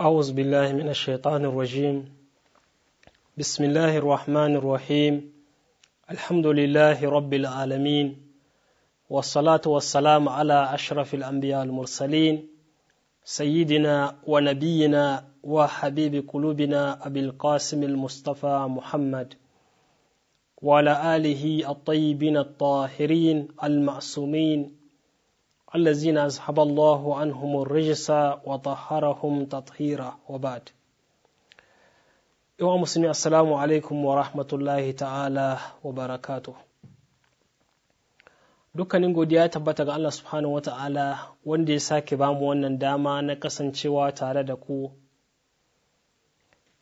أعوذ بالله من الشيطان الرجيم بسم الله الرحمن الرحيم الحمد لله رب العالمين والصلاة والسلام على أشرف الأنبياء المرسلين سيدنا ونبينا وحبيب قلوبنا أبي القاسم المصطفى محمد وعلى آله الطيبين الطاهرين المعصومين الذين anhum rijsa wa taharahum tathira wa ba'd yawa musulmi assalamu alaikum wa rahmatullahi ta'ala wa barakatu dukkanin godiya tabbata ga Allah subhanahu wa ta'ala wanda ya sake bamu wannan dama na kasancewa tare da ku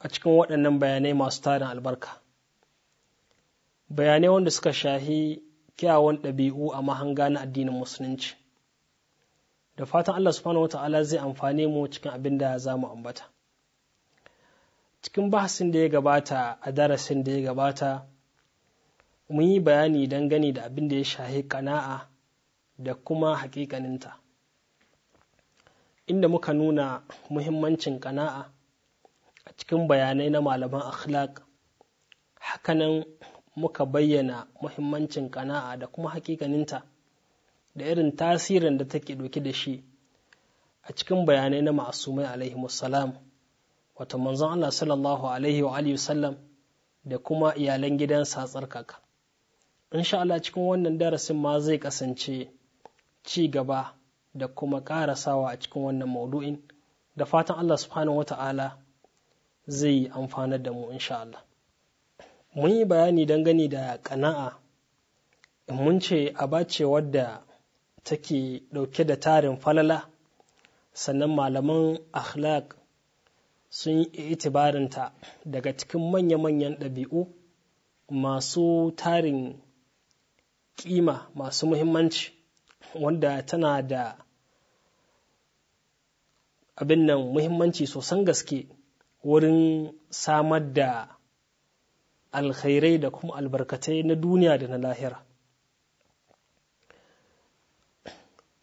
a cikin waɗannan bayanai masu tarin albarka bayanai wanda suka shahi kyawun ɗabi'u a mahanga na addinin musulunci da fatan Allah subhanahu wata'ala zai amfane mu cikin abin da za mu ambata cikin bahasin da ya gabata a darasin da ya gabata mun yi bayani gani da abin da ya shahi kana'a da kuma hakikaninta inda muka nuna muhimmancin kana'a a cikin bayanai na malaman akhlaq hakanan muka bayyana muhimmancin kana'a da kuma hakikaninta da irin tasirin da take doki da shi a cikin bayanai na ma'asumai alaihi wasalam wata manzon Allah sallallahu alaihi wa sallam da kuma iyalan gidansa tsarkaka insha Allah cikin wannan darasin ma zai kasance ci gaba da kuma ƙarasawa a cikin wannan maudu'in da fatan Allah subhanahu ta'ala zai yi amfana da mu insha Allah mun yi bayani dangane da kana'a mun ce a bace wadda take ɗauke da tarin falala sannan malaman akhlaq sun yi itibarinta daga cikin manya-manyan ɗabi'u masu tarin ƙima masu muhimmanci wanda tana da abin nan muhimmanci sosan gaske wurin samar da alkhairai da kuma albarkatai na duniya da na lahira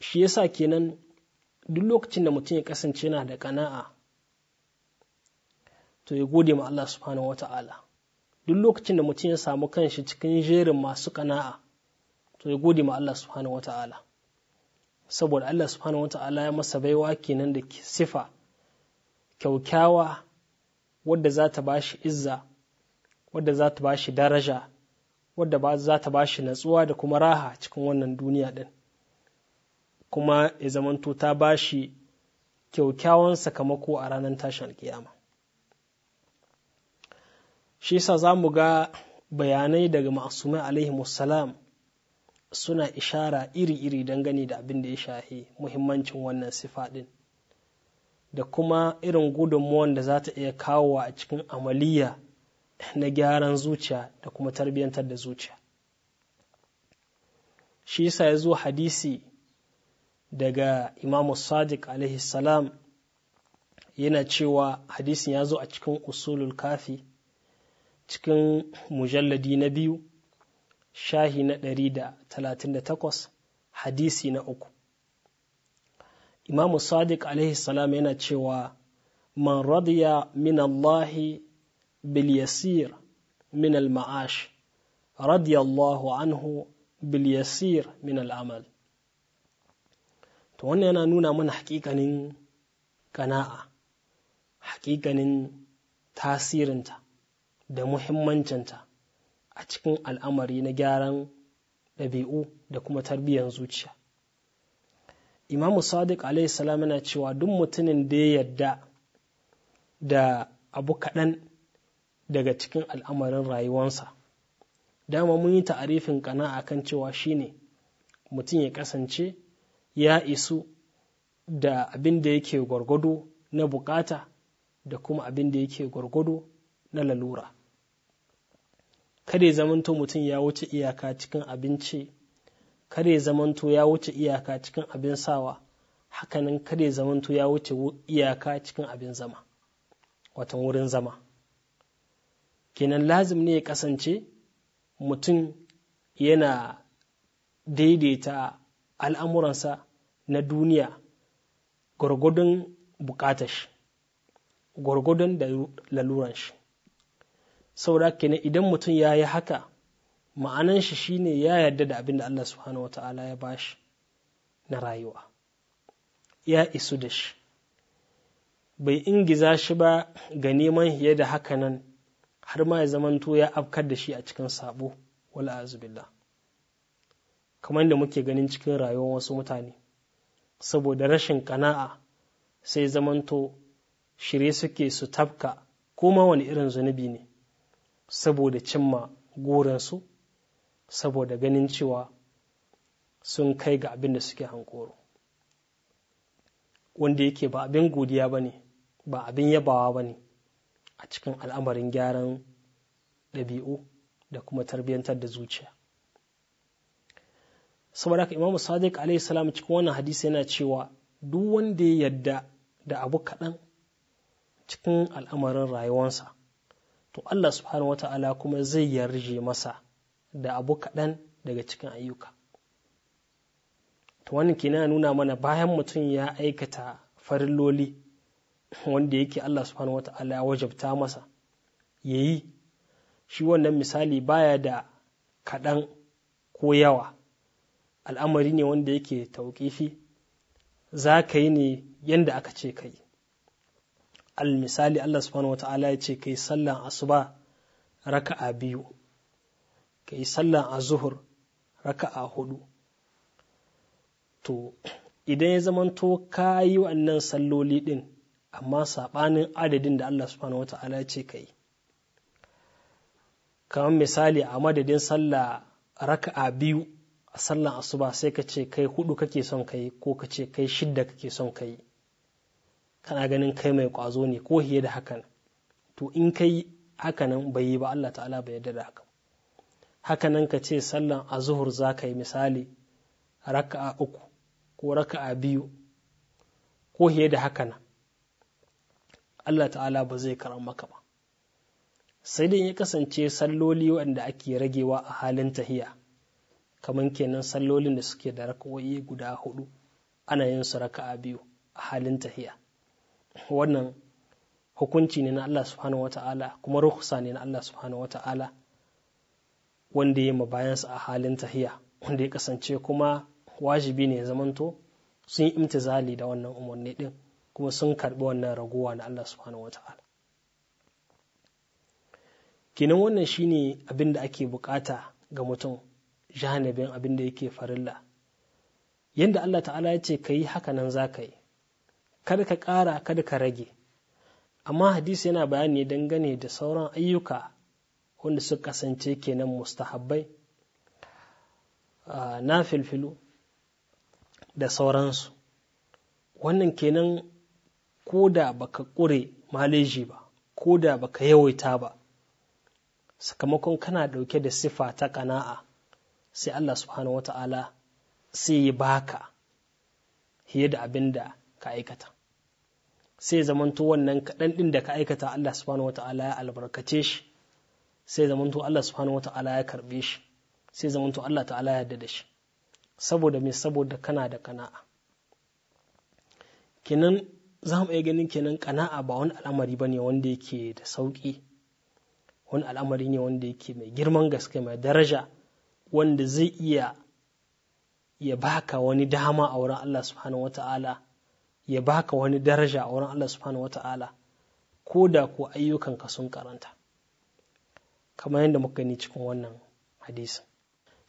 shi yasa kenan duk lokacin da mutum ya kasance yana da kana'a to ya gode ma Allah subhanahu wa ta'ala duk lokacin da mutum ya samu kanshi cikin jerin masu kana'a to ya gode ma Allah subhanahu wa ta'ala saboda Allah subhanahu wa ta'ala ya masa baiwa kenan da sifa kyaukyawa wadda za ta bashi izza wadda za ta bashi daraja wadda za ta bashi natsuwa da kuma raha cikin wannan duniya din kuma ya zamanto ta ba shi kyaukyawan sakamako a ranar tashin alkiyama shi sa za mu ga bayanai daga ma'asumai alaihi musalam suna ishara iri-iri gani da abin da ya shahi muhimmancin wannan sifa ɗin da kuma irin gudunmuwan da za ta iya kawowa a cikin amaliya na gyaran zuciya da kuma tarbiyyantar da zuciya shi sa ya zo hadisi daga imamu sadiq alaihi salam yana cewa hadisin ya zo a cikin usulul kafi cikin mujalladi na biyu shahi na 138 hadisi na uku imamu sadiq alaihi salam yana cewa man radiya min allahi bil yasir min al ma'ash radiyallahu anhu bil yasir min al amal to wannan yana nuna mana hakikanin kana'a hakikanin tasirinta da muhimmancinta a cikin al'amari na gyaran ɗabi'u da kuma tarbiyyar zuciya imamu sadiq salam yana cewa duk mutumin da ya yarda da abu kaɗan daga cikin al'amarin rayuwansa dama mun yi ta'arifin kana'a kan cewa shine mutum ya kasance ya isu da abin da yake gwargwado na bukata da kuma abin da yake gwargwado na lalura kada ya zamanto mutum ya wuce iyaka cikin abinci kada ya zamanto ya wuce iyaka cikin abin sawa hakanan kada ya zamanto ya wuce iyaka cikin abin zama watan wurin zama kenan lazim ne ya kasance mutum yana daidaita al'amuransa na duniya gwargwadon bukatar shi gwargwadon da laluran shi saura kenan idan mutum ya yi haka ma'anan shi shine ya yarda da abin da Allah subhanahu wata'ala ya bashi na rayuwa ya isu da shi bai ingiza shi ba ga neman hiye da haka nan har ma ya zamanto ya afkar da shi a cikin sabo wala azubillah kamar da muke ganin cikin rayuwar wasu mutane saboda rashin kana'a sai zamanto shirye suke su tafka kuma wani irin zunubi ne saboda cimma goransu saboda ganin cewa sun kai ga abin da suke hankoro wanda yake ba abin godiya ba ne ba abin yabawa ba ne a cikin al'amarin gyaran ɗabi'u da kuma tarbiyyantar da zuciya saboda haka imamu sadiq alaihi salam cikin wannan hadisi yana cewa duk wanda ya yarda da abu kaɗan cikin al'amarin rayuwarsa to Allah subhanahu wata'ala kuma zai yarje masa da abu kaɗan daga cikin ayyuka to wannan ke na nuna mana bayan mutum ya aikata farilloli wanda yake Allah subhanahu wata'ala ya wajabta masa ya yi shi wannan misali baya da kaɗan ko yawa al'amari ne wanda yake tauƙifi za ka yi ne yadda aka ce kai al misali Allah subhanahu ta'ala ya ce kai sallan asuba a biyu kai sallan azuhur a hudu to idan ya zamanto ka yi wannan salloli din amma saɓanin adadin da Allah subhanahu ta'ala ya ce kai kamar misali a madadin sallah raka'a biyu sallan asuba sai ka ce kai hudu kake son kai ko ka ce kai shidda kake son kai kana ganin kai mai kwazo ne ko hiye da hakan to in kai hakanan bai yi ba Allah ta'ala bai yarda da haka hakanan ka ce sallan azuhur za ka yi misali raka'a uku ko raka'a biyu ko hiye da hakan Allah ta'ala ba zai karan maka ba sai dai ya kasance salloli waɗanda ake ragewa a halin tahiya kamar kenan sallolin da suke da raka'o'i guda hudu ana yin su raka'a biyu a halin tahiya wannan hukunci ne na Allah subhanahu wata'ala kuma rukhsa ne na Allah subhanahu wata'ala wanda ya bayansa a halin tahiya wanda ya kasance kuma wajibi ne zamanto sun yi imtizali da wannan umarni din kuma sun karbi wannan raguwa na Allah subhanahu wata'ala kenan wannan shine abin da ake bukata ga mutum janibin abin da yake farilla yadda Allah ta'ala ya ce ka yi haka nan za ka yi kada ka ƙara kada ka rage amma hadisi yana bayani dangane da sauran ayyuka wanda suka kasance kenan mustahabbai na filfilu da sauransu wannan kenan ko da baka ƙure maleji ba ko da baka yawaita ba sakamakon kana ɗauke da sifa ta kana'a. sai Allah subhanahu wa ta'ala sai ya baka fiye da abin da ka aikata sai zamanto wannan kaɗan ɗin da ka aikata Allah subhanahu wa ta'ala ya albarkace shi sai zamanto Allah subhanahu wa ta'ala ya karɓe shi sai zamanto Allah ta'ala ya yarda shi saboda me saboda kana da kana'a kenan za mu iya ganin kenan kana'a ba wani al'amari ba ne wanda yake da sauƙi wani al'amari ne wanda yake mai girman gaske mai daraja wanda zai iya ya baka wani dama a wurin Allah subhanahu wata'ala ya baka wani daraja a wurin Allah subhanahu wata'ala ko da ko ayyukanka sun karanta kamar yadda muka gani cikin wannan hadisin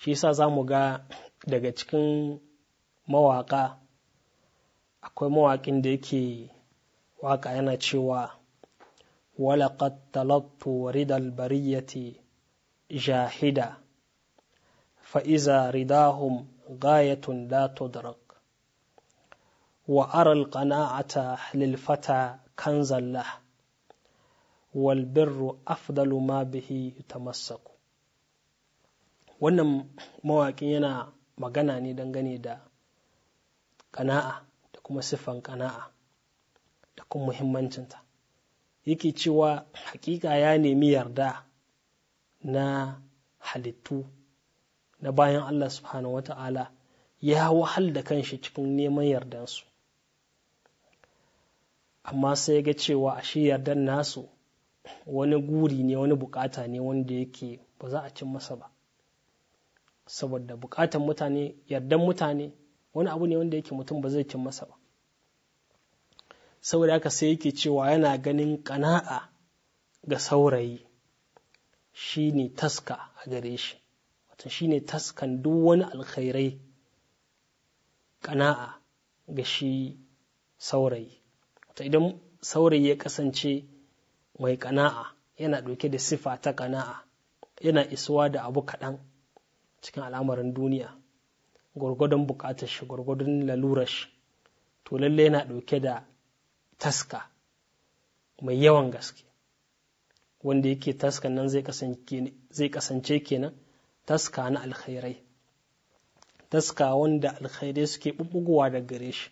shi yasa za mu ga daga cikin mawaƙa akwai mawaƙin da yake waƙa yana cewa walaƙad talattu waridal bariyati jahida فإذا رداهم غاية لا تدرك وأرى القناعة للفتى كنزا له والبر أفضل ما به يتمسك wannan mawaƙin yana magana ne dangane da kana'a da kuma siffan kana'a da kuma muhimmancinta yake cewa hakika ya nemi yarda na halittu na bayan Allah subhanahu ta’ala ya wahal da kanshi cikin neman yardansu amma sai ga cewa a shi yardan nasu wani guri ne wani bukata ne wanda yake ba za a cin masa ba saboda bukatan mutane yardan mutane wani abu ne wanda yake mutum ba zai cin masa ba saboda haka sai yake cewa yana ganin kana'a ga saurayi shi ne taska a gare shi ta shine taskan duk wani alkhairai kana'a ga shi saurayi ta idan saurayi ya kasance mai kana'a yana ɗauke da sifa ta kana'a yana isuwa da abu kaɗan cikin al'amarin duniya gwargwadon buƙatar shi gwargwadon lalurar shi to lalle yana ɗauke da taska mai yawan gaske wanda yake taskan nan zai kasance kenan taska na alkhairai taska wanda alkhairai suke bubbugowa da gare shi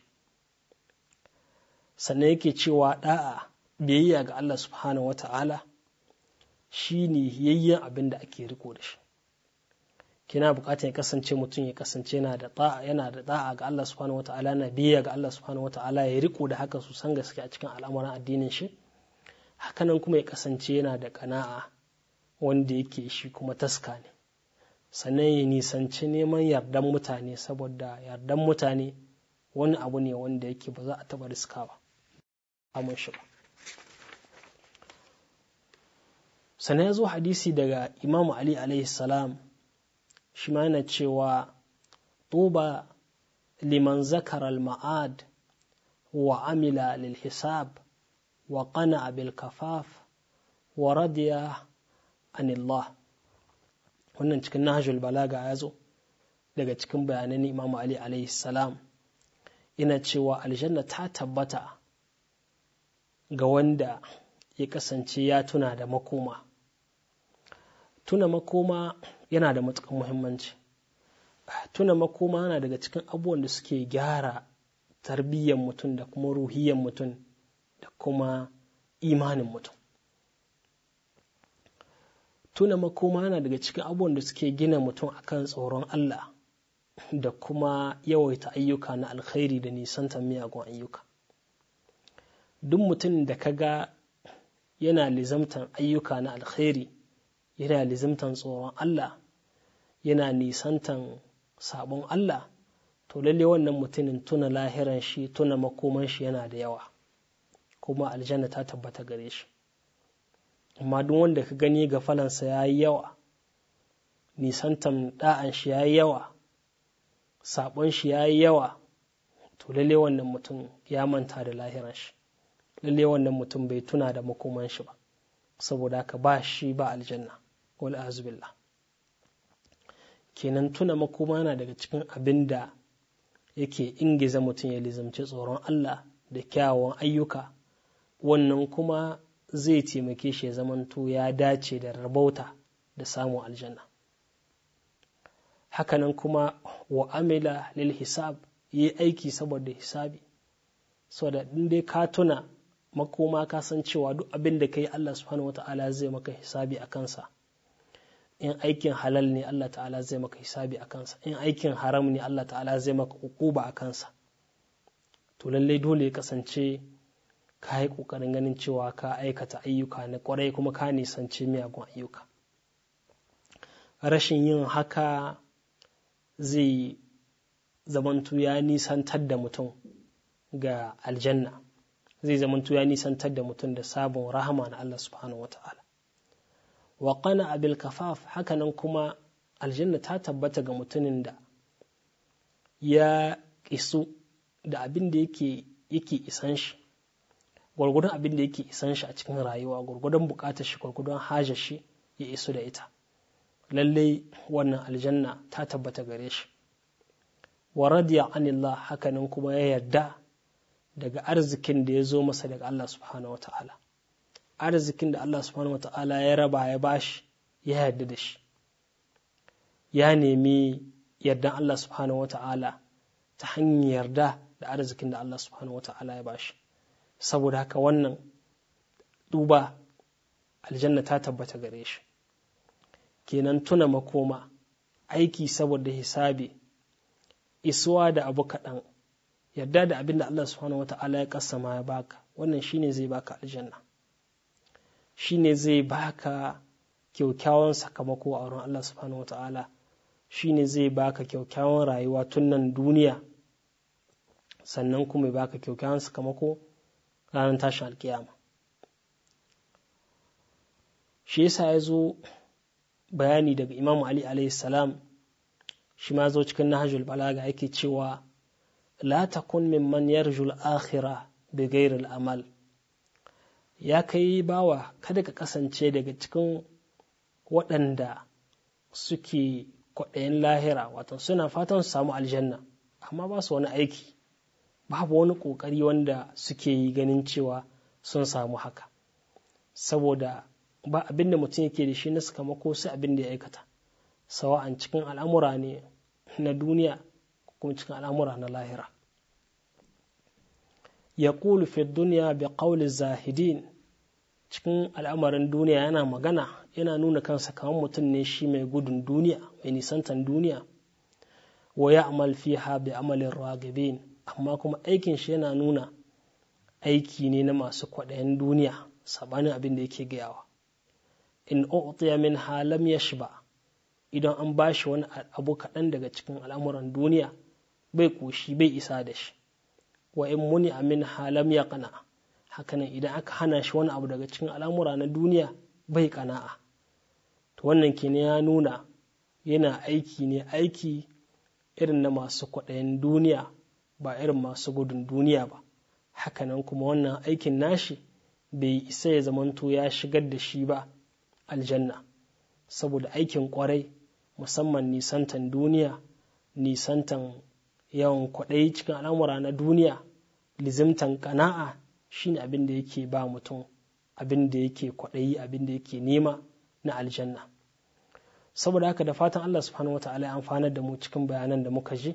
sannan yake cewa da'a biyayya ga Allah subhanahu wa shi ne yayyan abin da ake riko da shi kina bukatar ya kasance mutum ya kasance yana da ta'a yana da ta'a ga Allah subhanahu wa na biyayya ga Allah subhanahu wa ya riko da haka su san gaske a cikin al'amuran addinin shi hakanan kuma ya kasance yana da kana'a wanda yake shi kuma taska ne sannan ya nisanci neman yardan mutane saboda yardan mutane wani abu ne wanda yake ba za a taɓa riska ba ba sannan ya zo hadisi daga imamu ali alaihi salam shi ma yana cewa tuba liman zakaral maad wa amila lil hisab wa qana bil kafaf wa radiya anillah wannan cikin nahajul balaga ya zo daga cikin bayanan imamu ali alaihi salam ina cewa aljanna ta tabbata ga wanda ya kasance ya tuna da makoma tuna makoma yana da matukan muhimmanci tuna makoma yana daga cikin abubuwan da suke gyara tarbiyyar mutum da kuma ruhiyyar mutum da kuma imanin mutum tuna makoma yana daga cikin abubuwan da suke gina mutum akan tsoron Allah da kuma yawaita ayyuka na alkhairi da nisantar miyagun ayyuka duk mutum da ka ga yana lizamtan ayyuka na alkhairi yana lizamtan tsoron Allah yana nisantan sabon Allah to lalle wannan mutumin tuna lahiran shi tuna makoman shi yana da yawa kuma aljanna ta tabbata gare shi amma duk wanda ka gani ga falansa ya yi yawa nisantan da'an shi ya yi yawa saɓon shi ya yi yawa to lalle wannan mutum ya manta da lahiran shi lalle wannan mutum bai tuna da makoman shi ba saboda haka ba shi ba aljanna wal azubillah kenan tuna makoma na daga cikin abin da yake ingiza mutum ya lizamci tsoron Allah da kyawawan ayyuka wannan kuma zai taimake shi ya zamanto ya dace da rabauta da samun aljanna hakanan kuma wa amila lil hisab yi aiki saboda hisabi saboda in dai ka tuna makoma ka san cewa duk abin da ka yi Allah subhanahu wata'ala zai maka hisabi a kansa in aikin halal ne Allah ta'ala zai maka hisabi a kansa in aikin haram ne Allah ta'ala zai maka hukuba a kansa to lallai dole ya kasance ka yi ƙoƙarin ganin cewa ka aikata ayyuka na kwarai kuma ka nisanci miyagun ayyuka rashin yin haka zai zamantu ya nisantar da mutum ga aljanna zai zamantu ya nisantar da mutum da sabon rahama na Allah subhanahu wata'ala wa abil kafaf hakanan kuma aljanna ta tabbata ga mutumin da ya kisu da abin da yake isan shi gwargwadon abin da yake isan shi a cikin rayuwa gwargwadon bukatar shi gwargwadon hajar shi ya iso da ita lallai wannan aljanna ta tabbata gare shi wa radiya anillah nan kuma ya yarda daga arzikin da ya zo masa daga Allah subhanahu wata'ala arzikin da Allah subhanahu wata'ala ya raba ya bashi ya yarda da shi ya nemi yardan Allah subhanahu wata'ala ta hanyar yarda da arzikin da Allah subhanahu wata'ala ya bashi saboda haka wannan duba aljanna ta tabbata gare shi kenan tuna makoma aiki saboda hisabi isuwa da abu kaɗan yadda da abin da Allah subhanahu wata'ala ya kasama ya baka wannan shine zai baka aljanna shine zai baka kyaukyawan sakamako a wurin Allah subhanahu wata'ala shine zai baka kyaukyawan rayuwa tun nan duniya sannan kuma ya baka kyaukyawan sakamako ranar tashin alkiyama shi yasa ya zo bayani daga imamu ali alayhi salam shi ma zo cikin nahajul balaga yake cewa la takun mimman yarjul akhira bi ghairil amal ya kai bawa kada ka kasance daga cikin waɗanda suke kwaɗayin lahira watan suna fatan su samu aljanna amma ba su wani aiki babu wani ƙoƙari wanda suke yi ganin cewa sun samu haka saboda ba abinda da mutum yake da shi na sakamako sai abinda ya aikata sawa'an cikin al'amura ne na duniya kuma cikin al'amura na lahira ya kulu fi duniya bi ƙauli zahidin cikin al'amarin duniya yana magana yana nuna kansa kamar mutum ne shi mai gudun duniya mai nisantan duniya wa ya amal fiha bi amalin ragibin amma kuma aikin shi yana nuna aiki ne na masu kwaɗayin duniya sabanin abin da yake gayawa in u'tiya min halam yashba idan an ba shi wani abu kaɗan daga cikin al'amuran duniya bai koshi bai isa da shi wa in muni amin halam ya kana hakanan idan aka hana shi wani abu daga cikin al'amura na duniya bai ƙana'a to wannan kenan ya nuna yana aiki ne aiki irin na masu kwaɗayin duniya ba irin masu gudun duniya ba hakanan kuma wannan aikin nashi bai isa ya zamanto ya shigar da shi ba aljanna saboda aikin kwarai musamman nisantan duniya nisantan yawan kwaɗayi cikin al'amura na duniya lizimtan kana'a shine abin da yake ba mutum abin da yake kwaɗayi abin da yake nema na aljanna saboda haka da fatan Allah subhanahu wa ta'ala ya amfanar da mu cikin bayanan da muka je.